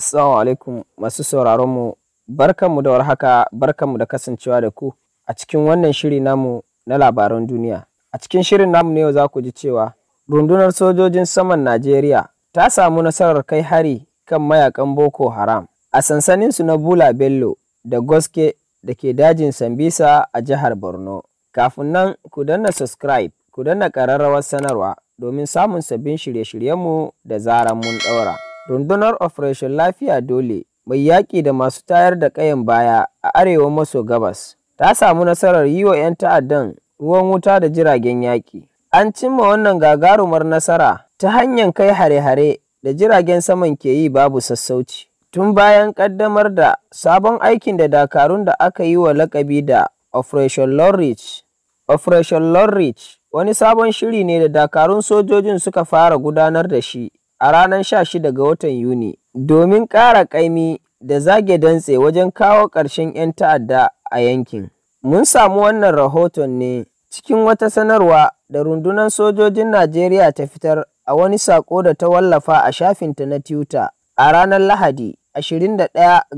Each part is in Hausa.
Assalamu alaikum masu sauraron mu barkanmu da warhaka barkanmu da kasancewa da ku a cikin wannan shiri namu na labaran duniya. A cikin shirin namu ne yau za ku ji cewa rundunar sojojin saman Najeriya ta samu nasarar kai hari kan mayakan Boko Haram a sansaninsu na Bula Bello da Goske da ke dajin Sambisa a jihar Borno. Kafin nan ku danna subscribe ku danna ƙararrawar sanarwa domin samun sabbin shirye-shiryenmu da zaran mun ɗaura. Rundunar Operation Lafiya Dole, mai yaƙi da masu tayar da ƙayan baya a arewa maso gabas, ta samu nasarar yi wa 'yan ta'addan ruwan wuta da jiragen yaƙi. An cimma wannan gagarumar nasara ta hanyar kai hare-hare da jiragen saman ke yi babu sassauci. Tun bayan ƙaddamar da sabon aikin da dakarun da aka yi wa lakabi da Operation Lorridge. Operation Lorridge wani sabon shiri ne da dakarun sojojin suka fara gudanar da shi a ranar 16 ga watan Yuni domin ƙara ƙaimi da zage dantse wajen kawo ƙarshen 'yan ta'adda a yankin. Mun samu wannan rahoton ne cikin wata sanarwa da rundunar sojojin Najeriya ta fitar a wani saƙo da ta wallafa a shafinta na Twitter a ranar Lahadi 21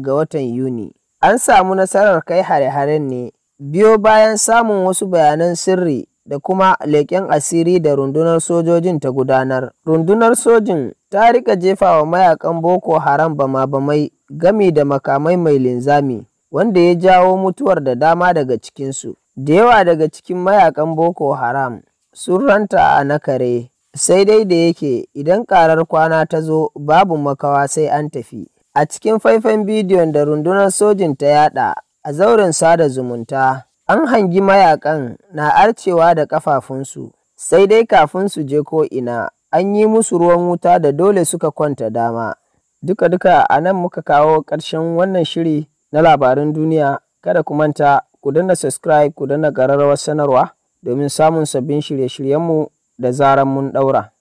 ga watan Yuni. An samu nasarar kai hare-haren ne biyo bayan samun wasu bayanan sirri da kuma leƙen asiri da rundunar sojojin ta gudanar. Rundunar sojin ta rika jefa wa mayakan Boko Haram bama-bamai gami da makamai mai linzami, wanda ya jawo mutuwar da dama daga cikinsu. Da yawa daga cikin mayakan Boko Haram sun ranta a na kare. sai dai da yake idan ƙarar kwana ta zo babu makawa sai an tafi. A cikin faifan bidiyon da rundunar sojin ta yada a zauren sada zumunta. An hangi mayakan na arcewa da ƙafafunsu, sai dai kafin su je ko'ina an yi musu ruwan wuta da dole suka kwanta dama. Duka-duka a nan muka kawo ƙarshen wannan shiri na labaran duniya. Kada ku manta ku danna subscribe ku danna ƙararrawar sanarwa domin samun sabbin shirye-shiryenmu da zaran mun ɗaura.